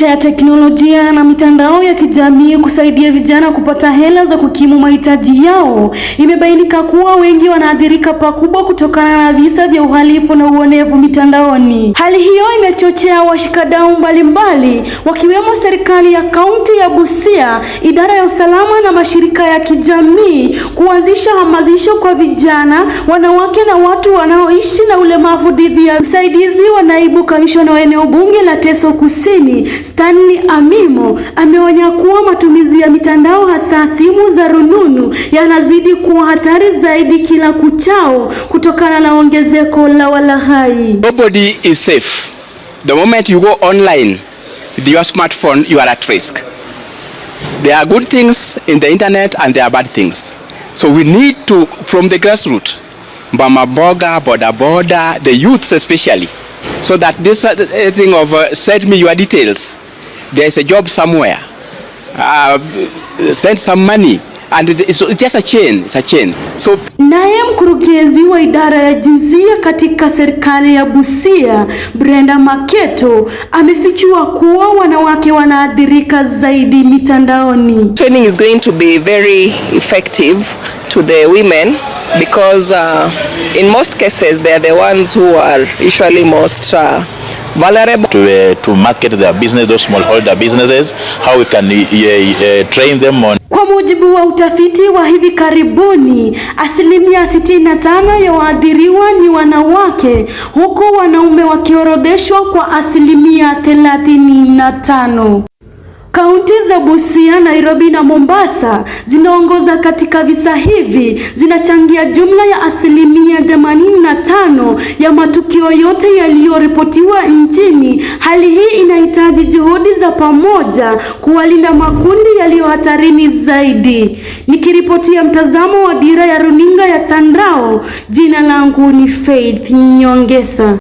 licha ya teknolojia na mitandao ya kijamii kusaidia vijana kupata hela za kukimu mahitaji yao, imebainika kuwa wengi wanaathirika pakubwa kutokana na visa vya uhalifu na uonevu mitandaoni. Hali hiyo imechochea washikadau mbalimbali wakiwemo serikali ya kaunti ya Busia, idara ya usalama na mashirika ya kijamii kuanzisha hamasisho kwa vijana, wanawake na watu wanaoishi na ulemavu dhidi ya usaidizi wa naibu kamishona wa eneo bunge la Teso Kusini Stanley Amimo ameonya kuwa matumizi ya mitandao hasa simu za rununu yanazidi kuwa hatari zaidi kila kuchao kutokana na ongezeko la walaghai. Nobody is safe. The moment you go online with your smartphone, you are at risk. There are good things in the internet and there are bad things. So we need to, from the grassroots, bamaboga Mboga, boda boda, the youths especially so that this uh, uh, thing of uh, send me your details there's a job somewhere uh, send some money and it's just a chain, it's a chain. So... Naye mkurugenzi wa idara ya jinsia katika serikali ya Busia Brenda Maketo amefichua kuwa wanawake wanaathirika zaidi mitandaoni. Training is going to be very effective to the women because uh, in most cases they are the ones who are usually most uh, vulnerable to, uh, to market their business those smallholder businesses how we can uh, uh, train them on kwa mujibu wa utafiti wa hivi karibuni, asilimia 65 ya waadhiriwa ni wanawake, huku wanaume wakiorodheshwa kwa asilimia 35. Kaunti za Busia, Nairobi na Mombasa zinaongoza katika visa hivi, zinachangia jumla ya asilimia 85 ya matukio yote yaliyoripotiwa nchini. Hali hii inahitaji juhudi za pamoja kuwalinda makundi yaliyo hatarini zaidi. Nikiripotia mtazamo wa Dira ya Runinga ya Tandao, jina langu ni Faith Nyongesa.